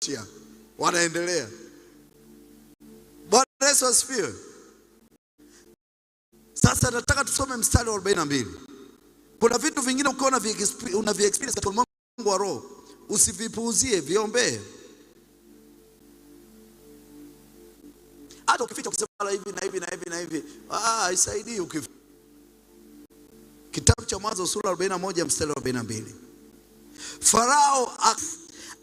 Tia. Wanaendelea. Bwana Yesu asifiwe. Sasa nataka tusome mstari wa 42. Kuna vitu vingine ukiona unavi experience kwa Mungu wa roho, usivipuuzie, viombee. Hata ukificha kusema hivi na hivi na hivi na hivi, ah, haisaidii ukif... Kitabu cha Mwanzo sura 41 mstari wa 42. Farao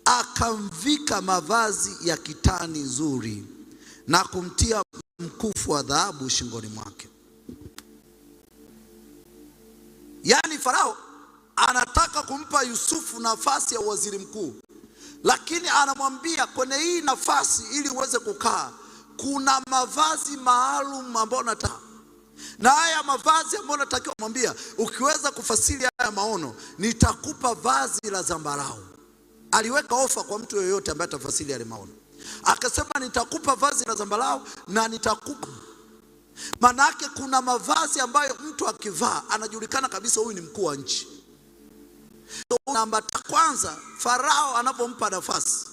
akamvika mavazi ya kitani nzuri na kumtia mkufu wa dhahabu shingoni mwake. Yaani Farao anataka kumpa Yusufu nafasi ya waziri mkuu, lakini anamwambia kwenye hii nafasi, ili uweze kukaa, kuna mavazi maalum ambayo nataka na haya mavazi ambayo natakiwa, mwambia ukiweza kufasiri haya maono, nitakupa vazi la zambarau aliweka ofa kwa mtu yoyote ambaye tafasili alimaona akasema nitakupa vazi la zambarau na nitakupa. Maana yake kuna mavazi ambayo mtu akivaa anajulikana kabisa, huyu ni mkuu wa nchi. So, namba kwanza, Farao anapompa nafasi,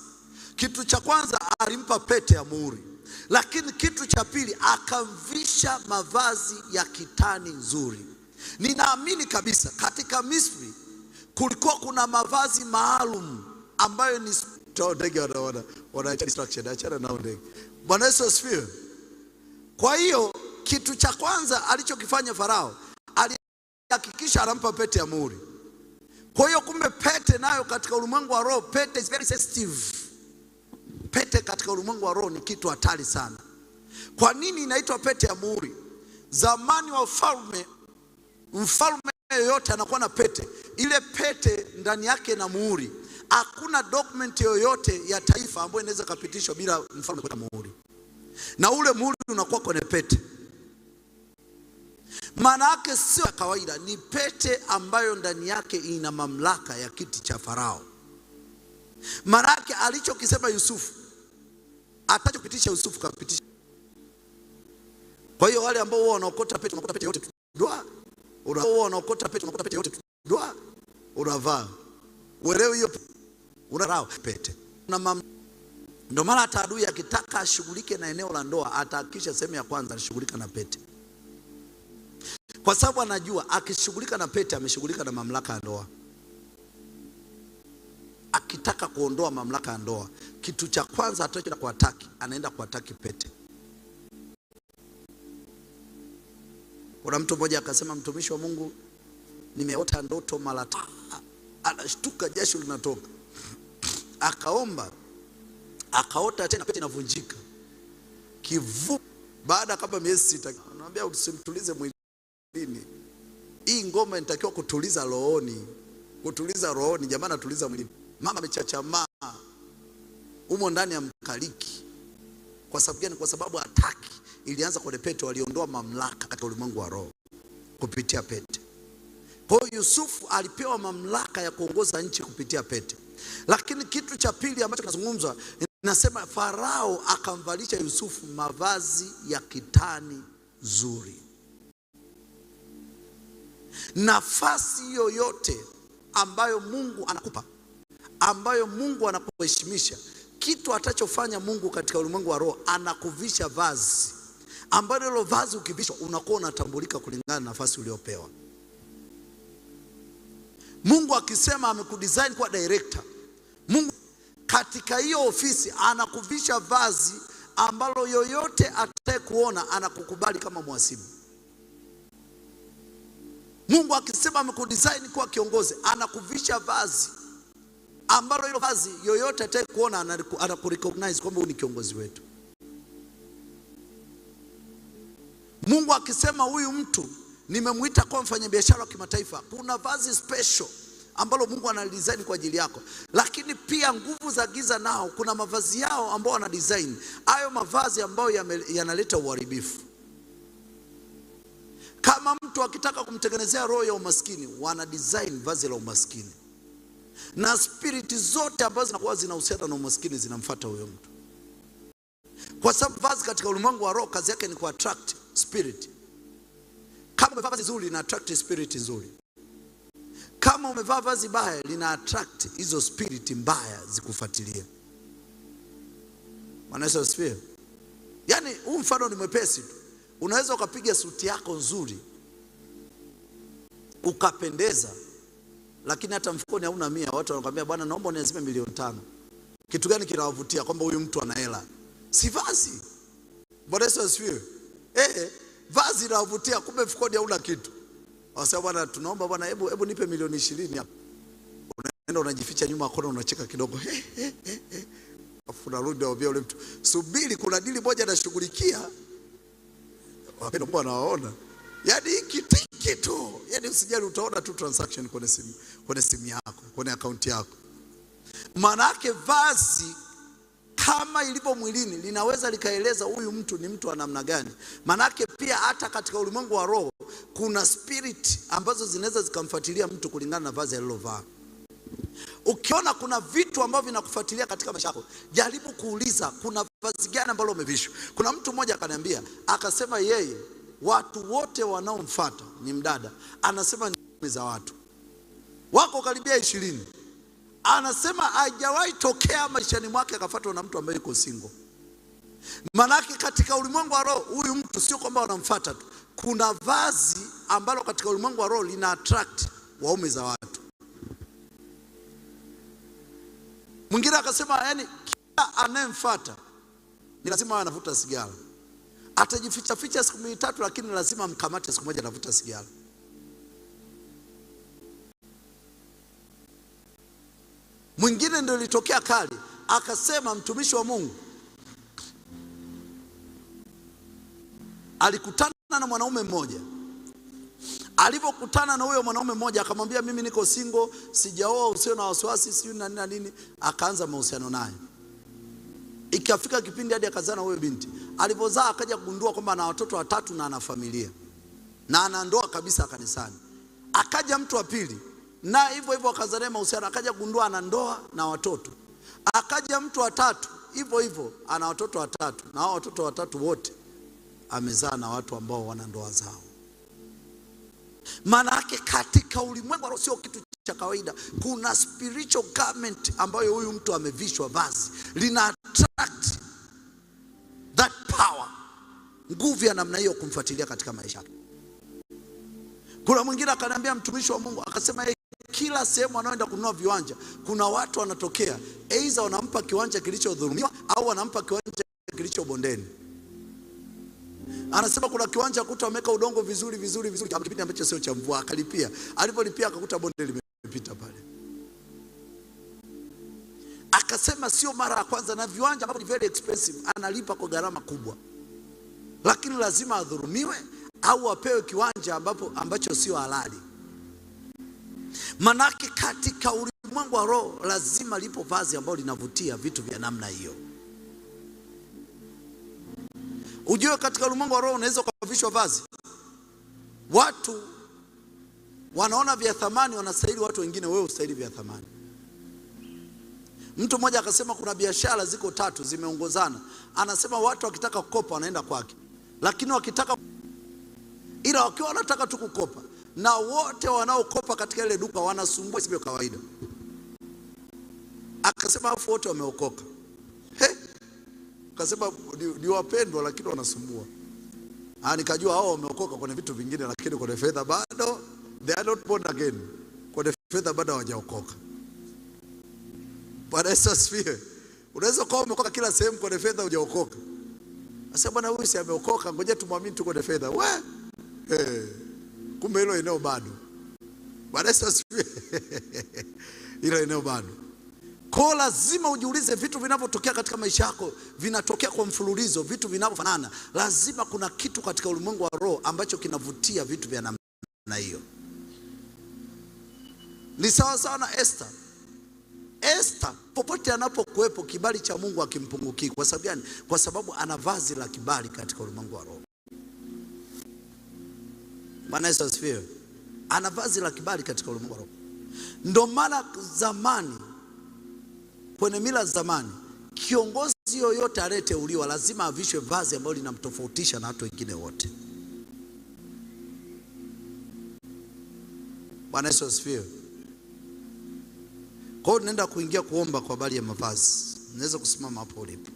kitu cha kwanza alimpa pete ya muhuri, lakini kitu cha pili akamvisha mavazi ya kitani nzuri. Ninaamini kabisa katika Misri kulikuwa kuna mavazi maalum ambayo ni ndege wanaacha distraction, achana nao ndege. Bwana Yesu asifiwe. Kwa hiyo kitu cha kwanza alichokifanya Farao, alihakikisha anampa pete ya muhuri. Kwa hiyo kumbe, pete nayo katika ulimwengu wa roho, pete is very sensitive. Pete katika ulimwengu wa roho ni kitu hatari sana. Kwa nini inaitwa pete ya muhuri? Zamani wa falme, mfalme yoyote anakuwa na pete. Ile pete ndani yake na muhuri Hakuna document yoyote ya taifa ambayo inaweza kupitishwa bila mfalme kuweka muhuri, na ule muhuri unakuwa kwenye pete. Maana yake sio ya kawaida, ni pete ambayo ndani yake ina mamlaka ya kiti cha Farao. Maana yake alichokisema Yusufu, atachopitisha Yusufu kapitisha. Kwa hiyo wale ambao wanaokota pete, wanaokota pete yote tu doa, wanaokota pete, wanaokota pete yote tu doa, unavaa uelewe hiyo unarao pete na mam... Ndio maana hata adui akitaka ashughulike na eneo la ndoa atahakikisha sehemu ya kwanza anashughulika na pete, kwa sababu anajua akishughulika na pete ameshughulika na mamlaka ya ndoa. Akitaka kuondoa mamlaka ya ndoa, kitu cha kwanza atachoenda kuataki, anaenda kuataki pete. Kuna mtu mmoja akasema, mtumishi wa Mungu, nimeota ndoto mara, anashtuka jasho linatoka akaomba akaota tena pete inavunjika kivu. Baada kama miezi sita, anamwambia usimtulize mwilini, hii ngoma inatakiwa kutuliza rohoni, kutuliza rohoni. Jamaa anatuliza mwilini, mama amechachamaa umo ndani ya mkaliki. Kwa sababu gani? Kwa sababu hataki. Ilianza kwa pete, waliondoa mamlaka katika ulimwengu wa roho kupitia pete. Kwa hiyo Yusufu alipewa mamlaka ya kuongoza nchi kupitia pete. Lakini kitu cha pili ambacho kinazungumzwa inasema, Farao akamvalisha Yusufu mavazi ya kitani zuri. Nafasi yoyote ambayo Mungu anakupa, ambayo Mungu anakuheshimisha, kitu atachofanya Mungu katika ulimwengu wa roho, anakuvisha vazi ambalo hilo vazi ukivishwa unakuwa unatambulika kulingana na nafasi uliopewa. Mungu akisema amekudesign kuwa director. Mungu katika hiyo ofisi anakuvisha vazi ambalo yoyote atakayekuona anakukubali kama mwasibu Mungu akisema amekudesign kuwa kiongozi anakuvisha vazi ambalo hilo vazi yoyote atakayekuona anakurecognize kwamba huyu ni kiongozi wetu. Mungu akisema huyu mtu nimemwita kuwa mfanyabiashara wa kimataifa, kuna vazi special ambalo Mungu ana design kwa ajili yako. Lakini pia nguvu za giza nao kuna mavazi yao ambao wana design hayo mavazi ambayo yanaleta uharibifu. Kama mtu akitaka kumtengenezea roho ya umaskini, wana design vazi la umaskini, na spiriti zote ambazo zinakuwa zinahusiana na umaskini zinamfuata huyo mtu, kwa sababu vazi katika ulimwengu wa roho kazi yake ni kuattract spirit. Kama umevaa vazi zuri, ina attract spirit nzuri. Kama umevaa vazi baya, lina attract hizo spirit mbaya zikufuatilie. Bwana Yesu asifiwe. Yaani huu mfano ni mwepesi tu, unaweza ukapiga suti yako nzuri ukapendeza, lakini hata mfukoni hauna mia, watu wanakuambia bwana, naomba uniazime milioni tano. Kitu gani kinawavutia kwamba huyu mtu ana hela? Si vazi. Bwana Yesu asifiwe. Eh, vazi linawavutia, kumbe mfukoni hauna kitu. Wasema bwana, tunaomba bwana, hebu hebu nipe milioni ishirini hapa. Unaenda unajificha nyuma kona, unacheka kidogo he, he, he. Afu narudi naambia yule mtu, subiri, kuna dili moja nashughulikia. Wapenda mbona waona, yaani kitiki tu, yaani usijali, utaona tu transaction kwenye simu, kwenye simu yako, kwenye akaunti yako. Maana yake vazi kama ilivyo mwilini linaweza likaeleza huyu mtu ni mtu wa namna gani. Maanake pia hata katika ulimwengu wa roho kuna spirit ambazo zinaweza zikamfuatilia mtu kulingana na vazi alilovaa. Ukiona kuna vitu ambavyo vinakufuatilia katika maisha yako, jaribu kuuliza kuna vazi gani ambalo umevishwa. Kuna mtu mmoja akaniambia, akasema yeye watu wote wanaomfuata ni mdada, anasema ni za watu wako karibia ishirini, anasema hajawahi tokea maishani mwake akafuatwa na mtu ambaye yuko single. Manake katika ulimwengu wa roho huyu mtu sio kwamba wanamfuata tu, kuna vazi ambalo katika ulimwengu wa roho lina attract waume za watu. Mwingine akasema yani, kila anayemfuata ni lazima anavuta sigara, atajificha ficha siku tatu, lakini lazima mkamate siku moja anavuta sigara. Mwingine ndio ilitokea kali, akasema mtumishi wa Mungu alikutana na mwanaume mmoja. Alipokutana na huyo mwanaume mmoja, akamwambia mimi niko single, sijaoa, usio na wasiwasi, sijui na nini na nini. Akaanza mahusiano naye, ikafika kipindi hadi akazaa na huyo binti. Alipozaa akaja kugundua kwamba ana watoto watatu na ana familia na ana ndoa kabisa kanisani. Akaja mtu wa pili na hivyo hivyo, akazalia mahusiano, akaja kugundua ana ndoa na watoto. Akaja mtu wa tatu hivyo hivyo, ana watoto watatu na hao watoto watatu wote amezaa na watu ambao wana ndoa zao. Maana yake katika ulimwengu sio kitu cha kawaida, kuna spiritual garment ambayo huyu mtu amevishwa, vazi lina attract that power, nguvu ya namna hiyo kumfuatilia katika maisha yake. Kuna mwingine akaniambia, mtumishi wa Mungu, akasema kila sehemu anaoenda kununua viwanja kuna watu wanatokea, aidha wanampa kiwanja kilichodhulumiwa au wanampa kiwanja kilicho bondeni. Anasema kuna kiwanja kuta wameka udongo vizuri vizuri vizuri, kipindi ambacho sio cha mvua, akalipia. Alipolipia akakuta bonde limepita pale, akasema sio mara ya kwanza, na viwanja ambavyo ni very expensive analipa kwa gharama kubwa, lakini lazima adhurumiwe au apewe kiwanja ambapo ambacho sio halali. Manake katika ulimwengu wa roho lazima lipo vazi ambalo linavutia vitu vya namna hiyo. Ujue katika ulimwengu wa roho unaweza ukavishwa vazi. Watu wanaona vya thamani, wanastahili watu wengine, wewe ustahili vya thamani. Mtu mmoja akasema kuna biashara ziko tatu zimeongozana, anasema watu wakitaka kukopa wanaenda kwake, lakini wakitaka ila wakiwa wanataka tu kukopa, na wote wanaokopa katika ile duka wanasumbua sivyo kawaida. Akasema afu wote wameokoka Kasema ni ni wapendwa, lakini wanasumbua. Ah, nikajua hao wameokoka kwenye vitu vingine, lakini kwenye fedha bado, they are not born again. Kwenye fedha bado hawajaokoka. Bwana Yesu asifiwe. Unaweza kuwa umeokoka kila sehemu, kwenye fedha hujaokoka. Sasa bwana huyu si ameokoka, ngoja tumwamini tu kwenye fedha. We hey. Eh, kumbe hilo eneo bado. Bwana Yesu asifiwe. Hilo eneo bado. Kwa lazima ujiulize, vitu vinavyotokea katika maisha yako vinatokea kwa mfululizo, vitu vinavyofanana. Lazima kuna kitu katika ulimwengu wa roho ambacho kinavutia vitu vya namna hiyo. Ni sawa sawa na Esther. Esther popote anapokuwepo kibali cha Mungu akimpungukii. Kwa sababu gani? Kwa sababu ana vazi la kibali katika ulimwengu wa roho. Bwana Yesu asifiwe. Ana vazi la kibali katika ulimwengu wa roho. Ndio maana zamani kwenye mila zamani, kiongozi yoyote aliyeteuliwa lazima avishwe vazi ambalo linamtofautisha na watu wengine wote. Bwana Yesu asifiwe. Kwa hiyo kuingia kuomba kwa habari ya mavazi. Naweza kusimama hapo ulipo.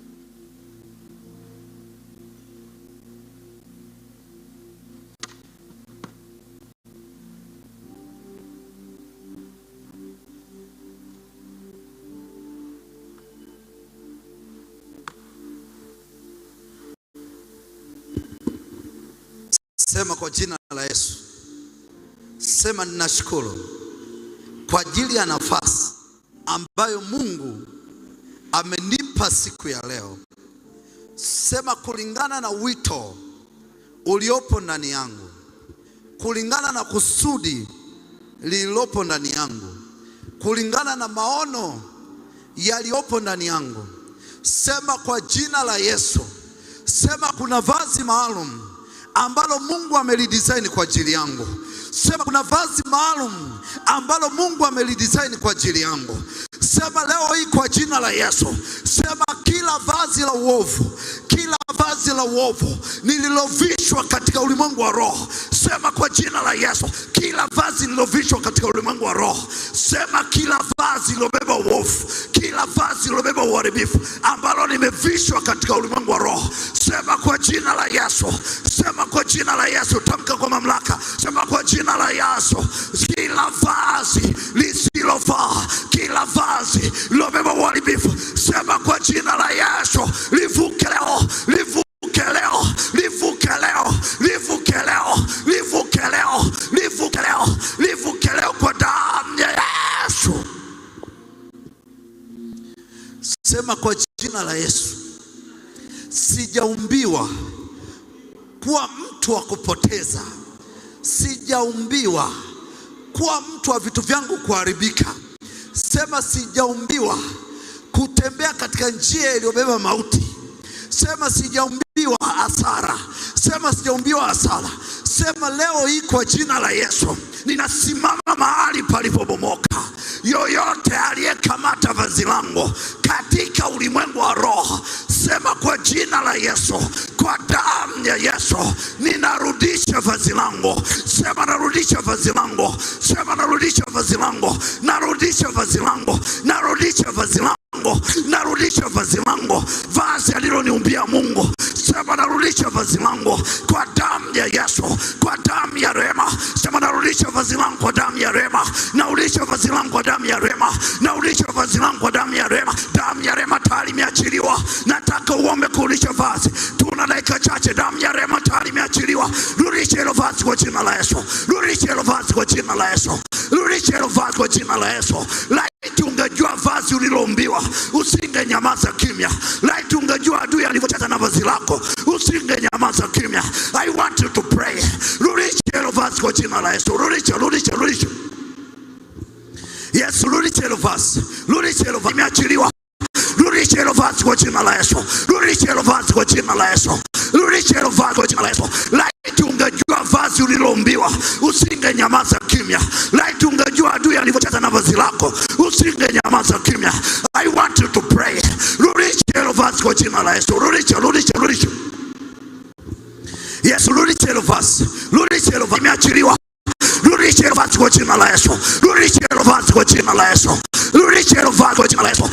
Sema kwa jina la Yesu, sema ninashukuru kwa ajili ya nafasi ambayo Mungu amenipa siku ya leo. Sema kulingana na wito uliopo ndani yangu, kulingana na kusudi lililopo ndani yangu, kulingana na maono yaliyopo ndani yangu. Sema kwa jina la Yesu. Sema kuna vazi maalum ambalo Mungu amelidesign kwa ajili yangu. Sema kuna vazi maalum ambalo Mungu amelidesign kwa ajili yangu. Sema leo hii kwa jina la Yesu. Sema kila vazi la uovu, kila vazi la uovu nililovishwa katika ulimwengu wa roho, sema kwa jina la Yesu, kila vazi lililovishwa katika ulimwengu wa roho, sema kila vazi lilobeba uovu, kila vazi lilobeba uharibifu ambalo nimevishwa katika ulimwengu wa roho, sema kwa jina la Yesu, sema kwa jina la Yesu, tamka kwa mamlaka, sema kwa jina la Yesu, kila vazi lisilofaa, kila vazi lilobeba uharibifu, sema kwa jina la jina la Yesu, sijaumbiwa kuwa mtu wa kupoteza, sijaumbiwa kuwa mtu wa vitu vyangu kuharibika. Sema sijaumbiwa kutembea katika njia iliyobeba mauti. Sema sijaumbiwa hasara. Sema sijaumbiwa hasara. Sema leo hii kwa jina la Yesu ninasimama mahali palipobomoka. Yoyote aliyekamata vazi langu Yesu, kwa damu ya Yesu ninarudisha vazi langu. Sema narudisha vazi langu, sema narudisha vazi langu, narudisha vazi langu, narudisha vazi langu, narudisha vazi langu, vazi aliloniumbia Mungu. Sema narudisha vazi langu kwa damu ya Yesu, kwa damu ya rema. Sema narudisha vazi langu kwa damu ya rema, naulisha vazi langu kwa damu ya rema, naulisha vazi langu kwa damu ya rema. Damu ya rema tayari imeachiliwa Nataka uombe kurudisha vazi. Tuna dakika chache, damu ya rehema tayari imeachiliwa. Rudisha hilo vazi kwa jina la Yesu, rudisha hilo vazi kwa jina la Yesu, rudisha hilo vazi kwa jina la Yesu. Laiti ungejua vazi uliloumbiwa, nyamaza kimya. Laiti ungejua adui alivyocheza na vazi lako, usinge nyamaza kimya. I want you to pray. Rudisha hilo vazi kwa jina la Yesu, rudisha, rudisha, rudisha Yesu, rudisha hilo vazi, rudisha hilo vazi, imeachiliwa Rudisha hilo vazi kwa jina la Yesu. Rudisha hilo vazi kwa jina la Yesu. Rudisha hilo vazi kwa jina la Yesu. Laiti ungejua vazi usinge nyamaza kimya. Laiti ungejua adui alivyocheza na vazi lako, usinge nyamaza kimya. I want you to pray. Rudisha hilo vazi kwa jina la Yesu. Rudisha, rudisha, rudisha. Yesu, rudisha hilo vazi. Rudisha hilo vazi. Imeachiliwa. Rudisha hilo vazi kwa jina la Yesu. Rudisha hilo vazi kwa jina la Yesu. Rudisha hilo vazi kwa jina la Yesu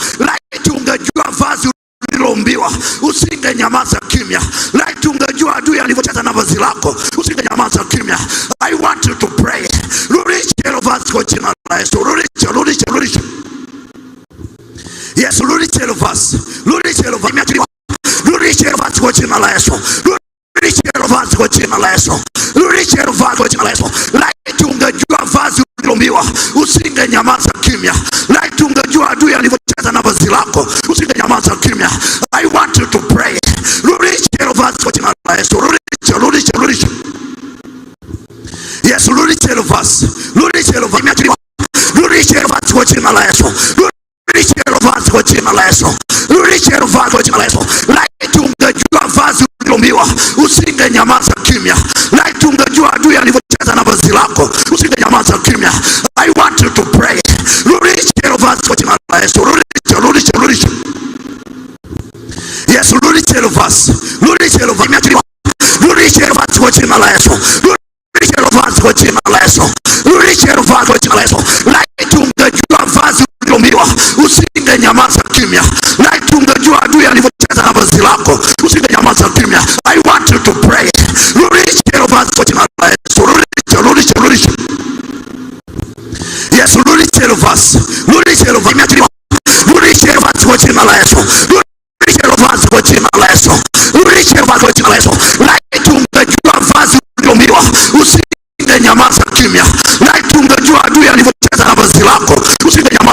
ungejua usingenyamaza kimya. Laiti ungejua adui alivyocheza na vazi lako usingenyamaza kimya. I want you to pray. Rudisha hilo vazi kwa jina la Yesu, rudisha, rudisha, rudisha. Yesu, rudisha hilo vazi, rudisha hilo vazi, rudisha hilo vazi kwa jina la Yesu, rudisha hilo vazi kwa jina la Yesu, rudisha hilo vazi kwa jina la Yesu. Laiti ungejua vazi ulilombiwa usingenyamaza kimya. Laiti ungejua adui alivyocheza na vazi lako usingenyamaza kimya. Bwana Yesu, rudisha, rudisha, rudisha. Yesu, rudisha hilo vazi, rudisha hilo vazi, Rudisha hilo vazi kwa jina la Yesu, rudisha hilo vazi kwa jina la Yesu, rudisha hilo vazi kwa jina la Yesu. Laiti ungejua vazi uliloambiwa, usingenyamaza kimya. Laiti ungejua adui alivyocheza na vazi lako, usingenyamaza kimya. I want you to pray, rudisha hilo vazi kwa jina la Yesu, rudisha, rudisha, rudisha. Yesu, rudisha hilo vazi, rudisha hilo vazi uliomiwa, usingenyamaza kimya. Laiti ungejua adui alivyocheza na vazi lako, usingenyamaza kimya. I want you to pray. Rudisha hilo vazi kwa jina la Yesu, rudisha, rudisha, rudisha. Yesu, rudisha hilo vazi, rudisha hilo vazi, imeachiliwa. Rudisha hilo vazi kwa jina la Yesu, rudisha hilo vazi kwa jina la Yesu, rudisha hilo vazi kwa jina la Yesu. Laiti ungejua vazi uliomiwa, usingenyamaza kimya. Laiti ungejua adui alivyocheza na vazi lako, usingenyamaza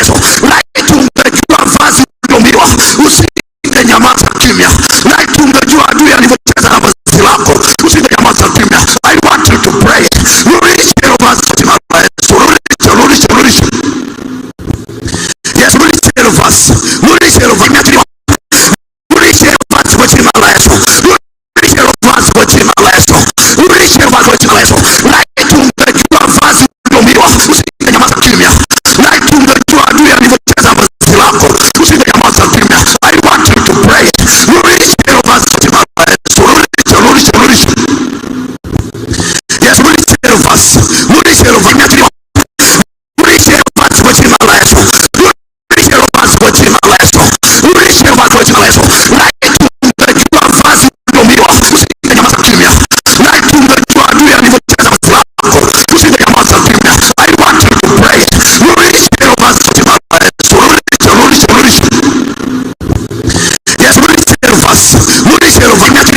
eso. of us. What is your vanity? What is your past what in my life? What is your past what in my life? What is your past what in my life? Like to the you are fast to me off to see the master to me. Like to the you are doing the test of flower to see the master to me. I want to pray. What is your past what in my life? So what is your what is your what is your yes what is your past what is your vanity?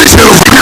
There's no